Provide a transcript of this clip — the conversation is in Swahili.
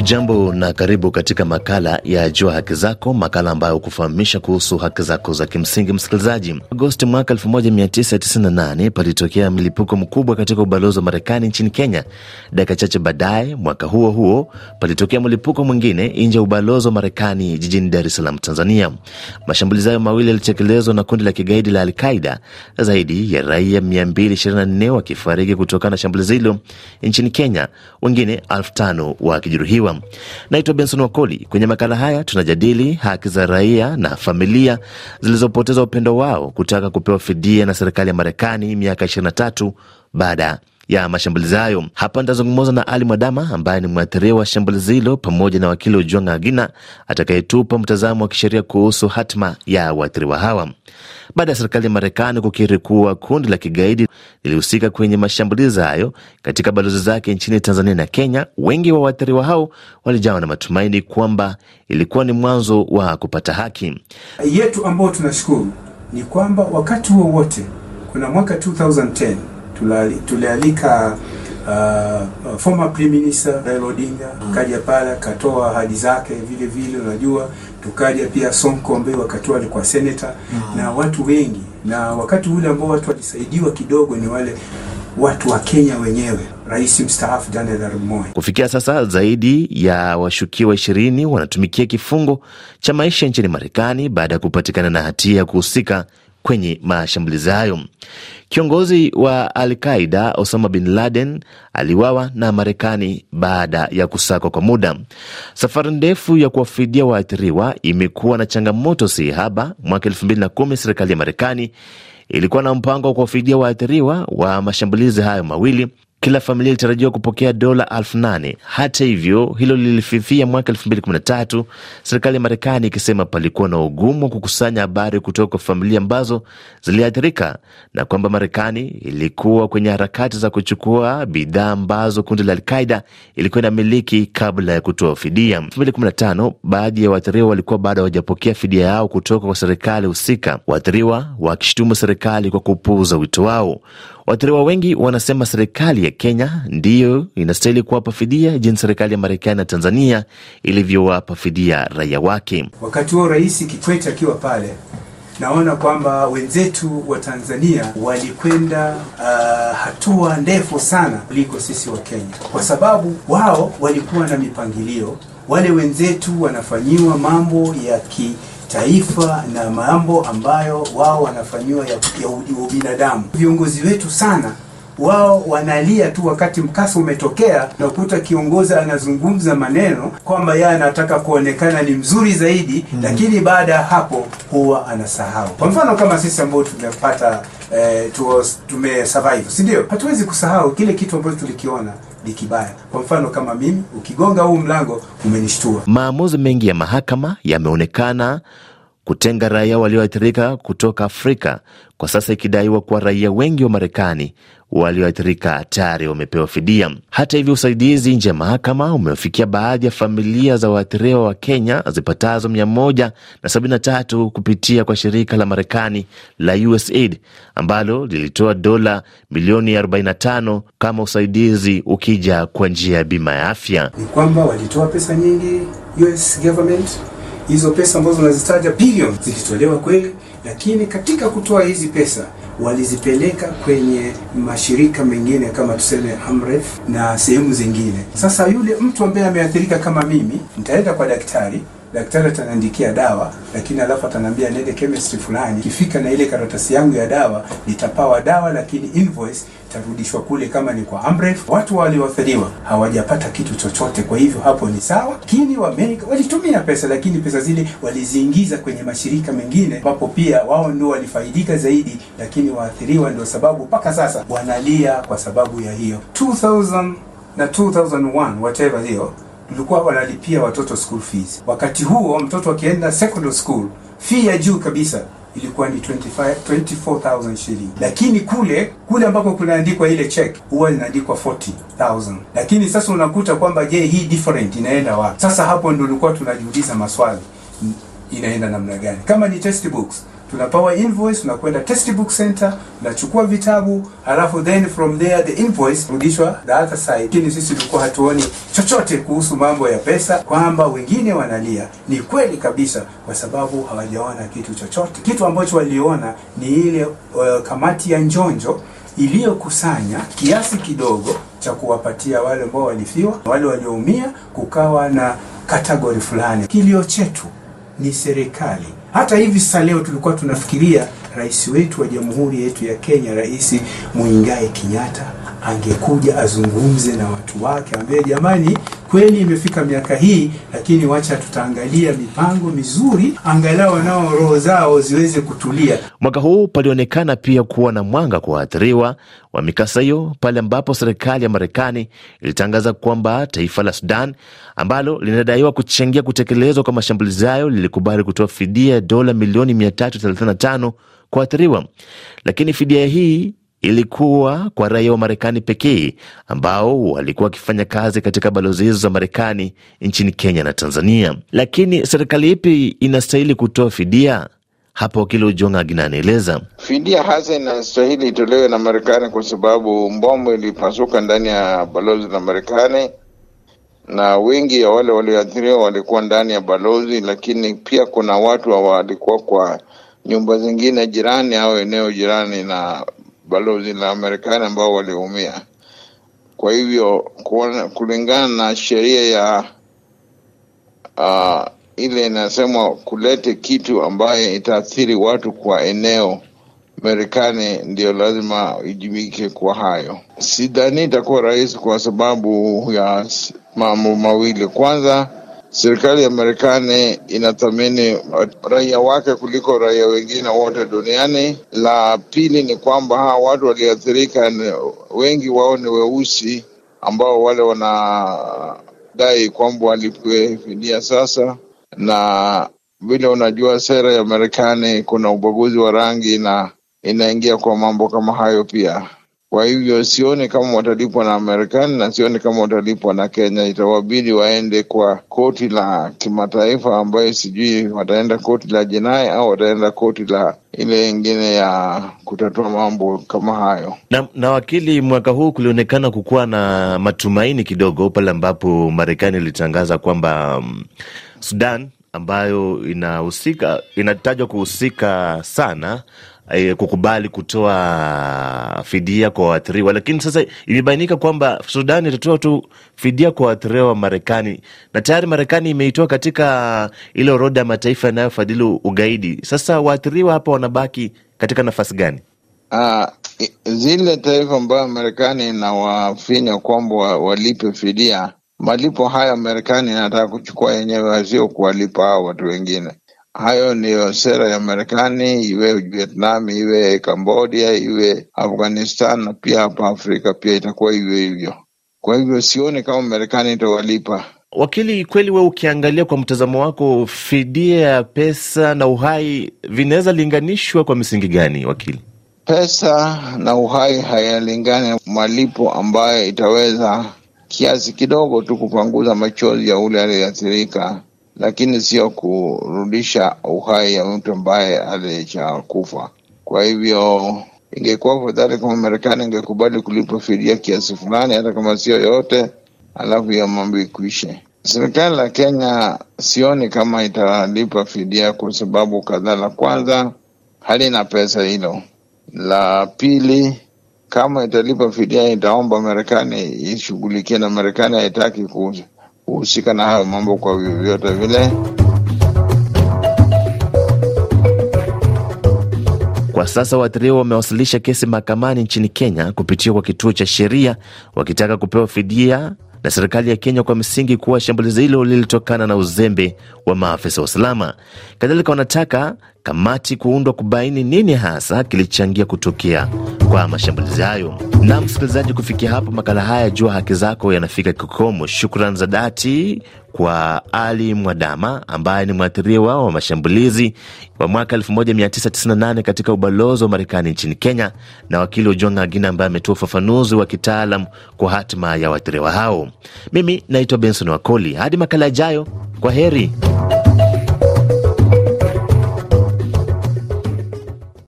Hujambo na karibu katika makala ya Jua Haki Zako, makala ambayo hukufahamisha kuhusu haki zako za kimsingi. Msikilizaji, Agosti mwaka 1998 palitokea mlipuko mkubwa katika ubalozi wa Marekani nchini Kenya. Dakika chache baadaye, mwaka huo huo, palitokea mlipuko mwingine nje ya ubalozi wa Marekani jijini Dar es Salaam, Tanzania. Mashambulizi hayo mawili yalitekelezwa na kundi la kigaidi la Alqaida, zaidi ya raia 224 wakifariki kutokana na shambulizi hilo nchini Kenya, wengine elfu tano wakijeruhiwa kushtakiwa. Naitwa Benson Wakoli. Kwenye makala haya tunajadili haki za raia na familia zilizopoteza upendo wao kutaka kupewa fidia na serikali ya Marekani miaka 23 baada ya mashambulizi hayo. Hapa nitazungumza na Ali Mwadama ambaye ni mwathiriwa wa shambulizi hilo pamoja na wakili Ojwanga Agina atakayetupa mtazamo wa kisheria kuhusu hatima ya waathiriwa hawa baada ya serikali ya Marekani kukiri kuwa kundi la kigaidi lilihusika kwenye mashambulizi hayo katika balozi zake nchini Tanzania na Kenya. Wengi wa waathiriwa hao walijawa na matumaini kwamba ilikuwa ni mwanzo wa kupata haki yetu, ambao tunashukuru ni kwamba wakati wowote kuna mwaka 2010 tulialika uh, former prime minister Raila Odinga mm. kaja pale akatoa ahadi zake vile vile, unajua tukaja pia Sonkombe wakati alikuwa senator mm. na watu wengi, na wakati ule ambao watu walisaidiwa kidogo ni wale watu wa Kenya wenyewe, rais mstaafu Daniel Arap Moi. Kufikia sasa zaidi ya washukiwa ishirini wanatumikia kifungo cha maisha nchini Marekani baada ya kupatikana na hatia ya kuhusika kwenye mashambulizi hayo. Kiongozi wa Al-Qaida Osama bin Laden aliwawa na Marekani baada ya kusakwa kwa muda. Safari ndefu ya kuwafidia waathiriwa imekuwa na changamoto si haba. Mwaka kumi serikali ya Marekani ilikuwa na mpango wa kuwafidia waathiriwa wa mashambulizi hayo mawili kila familia ilitarajiwa kupokea dola elfu nane. Hata hivyo, hilo lilififia mwaka 2013, serikali ya Marekani ikisema palikuwa na ugumu wa kukusanya habari kutoka kwa familia ambazo ziliathirika na kwamba Marekani ilikuwa kwenye harakati za kuchukua bidhaa ambazo kundi la Alqaida ilikuwa inamiliki kabla ya kutoa fidia. 2015, baadhi ya waathiriwa walikuwa bado hawajapokea fidia yao kutoka kwa serikali husika, waathiriwa wakishutumu serikali kwa kupuuza wito wao. Waathiriwa wengi wanasema serikali ya Kenya ndiyo inastahili kuwapa fidia jinsi serikali ya Marekani na Tanzania ilivyowapa fidia raia wake. Wakati huo Rais Kikwete akiwa pale, naona kwamba wenzetu wa Tanzania walikwenda uh, hatua ndefu sana kuliko sisi wa Kenya, kwa sababu wao walikuwa na mipangilio. Wale wenzetu wanafanyiwa mambo ya ki taifa na mambo ambayo wao wanafanyiwa ya ubinadamu. Viongozi wetu sana wao wanalia tu wakati mkasa umetokea, na kuta kiongozi anazungumza maneno kwamba yeye anataka kuonekana ni mzuri zaidi mm -hmm. Lakini baada ya hapo huwa anasahau. Kwa mfano kama sisi ambao tumepata eh, tume survive, si ndio? Hatuwezi kusahau kile kitu ambacho tulikiona ni kibaya. Kwa mfano kama mimi, ukigonga huu mlango umenishtua. Maamuzi mengi ya mahakama yameonekana kutenga raia walioathirika kutoka Afrika, kwa sasa ikidaiwa kuwa raia wengi wa Marekani walioathirika hatari wamepewa fidia. Hata hivyo, usaidizi nje ya mahakama umewafikia baadhi ya familia za waathiriwa wa Kenya zipatazo mia moja na sabini na tatu kupitia kwa shirika la Marekani la USAID ambalo lilitoa dola milioni 45 kama usaidizi ukija kwa njia ya bima ya afya. Ni kwamba walitoa pesa nyingi US government, hizo pesa ambazo unazitaja bilioni zilitolewa kweli, lakini katika kutoa hizi pesa walizipeleka kwenye mashirika mengine kama tuseme Amref na sehemu zingine. Sasa yule mtu ambaye ameathirika kama mimi, nitaenda kwa daktari daktari ataniandikia dawa, lakini alafu ataniambia niende chemistry fulani, kifika na ile karatasi yangu ya dawa nitapawa dawa, lakini invoice itarudishwa kule kama ni kwa Amref. Watu walioathiriwa hawajapata kitu chochote, kwa hivyo hapo ni sawa. Lakini Waamerika walitumia pesa, lakini pesa zile waliziingiza kwenye mashirika mengine, ambapo pia wao ndio walifaidika zaidi, lakini waathiriwa ndio sababu mpaka sasa wanalia kwa sababu ya hiyo 2000 na 2001 whatever hiyo tulikuwa wanalipia watoto school fees. Wakati huo mtoto akienda secondary school, fee ya juu kabisa ilikuwa ni 25 24,000 shilingi, lakini kule kule ambako kunaandikwa ile check huwa inaandikwa 40,000. Lakini sasa unakuta kwamba je, hii different inaenda wapi? Sasa hapo ndio tulikuwa tunajiuliza maswali, inaenda namna gani? Kama ni test books tunapawa invoice, tunakwenda textbook center, tunachukua vitabu, alafu then from there the invoice rudishwa the other side. Lakini sisi tulikuwa hatuoni chochote kuhusu mambo ya pesa, kwamba wengine wanalia. Ni kweli kabisa, kwa sababu hawajaona kitu chochote. Kitu ambacho waliona ni ile uh, kamati ya njonjo iliyokusanya kiasi kidogo cha kuwapatia wale ambao walifiwa, wale walioumia, kukawa na kategori fulani. Kilio chetu ni serikali hata hivi sasa leo tulikuwa tunafikiria rais wetu wa jamhuri yetu ya Kenya, Rais Mwingae Kenyatta angekuja azungumze na watu wake, ambaye jamani kweli imefika miaka hii, lakini wacha tutaangalia mipango mizuri angalau nao roho zao ziweze kutulia. Mwaka huu palionekana pia kuwa na mwanga kwa waathiriwa wa mikasa hiyo pale ambapo serikali ya Marekani ilitangaza kwamba taifa la Sudan ambalo linadaiwa kuchangia kutekelezwa kwa mashambulizi hayo lilikubali kutoa fidia ya dola milioni 335 kuathiriwa, lakini fidia hii ilikuwa kwa raia wa Marekani pekee ambao walikuwa wakifanya kazi katika balozi hizo za Marekani nchini Kenya na Tanzania. Lakini serikali ipi inastahili kutoa fidia? Hapo Wakili Ujonga anaeleza fidia hasa inastahili itolewe na Marekani kwa sababu mbombo ilipasuka ndani ya balozi la Marekani na wengi ya wale walioathiriwa walikuwa ndani ya balozi, lakini pia kuna watu walikuwa kwa nyumba zingine jirani au eneo jirani na balozi la Marekani ambao waliumia. Kwa hivyo kulingana na sheria ya uh, ile inasema kulete kitu ambaye itaathiri watu kwa eneo Marekani ndio lazima ijibike kwa hayo. Sidhani itakuwa rahisi kwa sababu ya mambo mawili. Kwanza Serikali ya Marekani inathamini raia wake kuliko raia wengine wote duniani. La pili ni kwamba hawa watu walioathirika wengi wao ni weusi, ambao wale wanadai kwamba walipwe fidia sasa. Na vile unajua sera ya Marekani, kuna ubaguzi wa rangi na inaingia kwa mambo kama hayo pia. Kwa hivyo sioni kama watalipwa na Marekani na sioni kama watalipwa na Kenya. Itawabidi waende kwa koti la kimataifa, ambayo sijui wataenda koti la jinai au wataenda koti la ile ingine ya kutatua mambo kama hayo. Na, na wakili, mwaka huu kulionekana kukuwa na matumaini kidogo pale ambapo Marekani ilitangaza kwamba um, Sudan ambayo inahusika inatajwa kuhusika sana e, kukubali kutoa fidia kwa waathiriwa, lakini sasa imebainika kwamba Sudan itatoa tu fidia kwa waathiriwa wa Marekani, na tayari Marekani imeitoa katika ile orodha ya mataifa yanayofadhili ugaidi. Sasa waathiriwa hapa wanabaki katika nafasi gani? Uh, zile taifa ambayo Marekani inawafinya kwamba walipe fidia, malipo haya Marekani inataka kuchukua yenyewe, wazio kuwalipa hao watu wengine. Hayo ndiyo sera ya Marekani, iwe Vietnam, iwe Cambodia, iwe Afghanistan, na pia hapa Afrika pia itakuwa hivyo hivyo. Kwa hivyo sioni kama Marekani itawalipa. Wakili, kweli we ukiangalia kwa mtazamo wako, fidia ya pesa na uhai vinaweza linganishwa kwa misingi gani, wakili? Pesa na uhai hayalingani, malipo ambayo itaweza kiasi kidogo tu kupanguza machozi ya ule aliyeathirika lakini sio kurudisha uhai ya mtu ambaye alichakufa. Kwa hivyo ingekuwa fadhali kama Marekani ingekubali kulipa fidia kiasi fulani, hata kama sio yote, alafu hiyo mambo ikuishe. Serikali la Kenya sioni kama italipa fidia kwa sababu kadhaa. La kwanza, halina pesa hilo. La pili, kama italipa fidia itaomba Marekani ishughulikie, na Marekani haitaki kuhusika na hayo mambo kwa vyovyote vile. Kwa sasa waathiriwa wamewasilisha kesi mahakamani nchini Kenya kupitia kwa kituo cha sheria wakitaka kupewa fidia na serikali ya Kenya kwa msingi kuwa shambulizi hilo lilitokana na uzembe wa maafisa wa usalama. Kadhalika wanataka kamati kuundwa kubaini nini hasa kilichangia kutokea kwa mashambulizi hayo. Na msikilizaji, kufikia hapo makala haya Jua Haki Zako yanafika kikomo. Shukrani za dhati kwa Ali Mwadama ambaye ni mwathiriwa wa mashambulizi wa mwaka 1998 katika ubalozi wa Marekani nchini Kenya, na wakili Ojonga Agina ambaye ametoa ufafanuzi wa kitaalam kwa hatima ya waathiriwa hao. Mimi naitwa Benson Wakoli, hadi makala yajayo, kwa heri.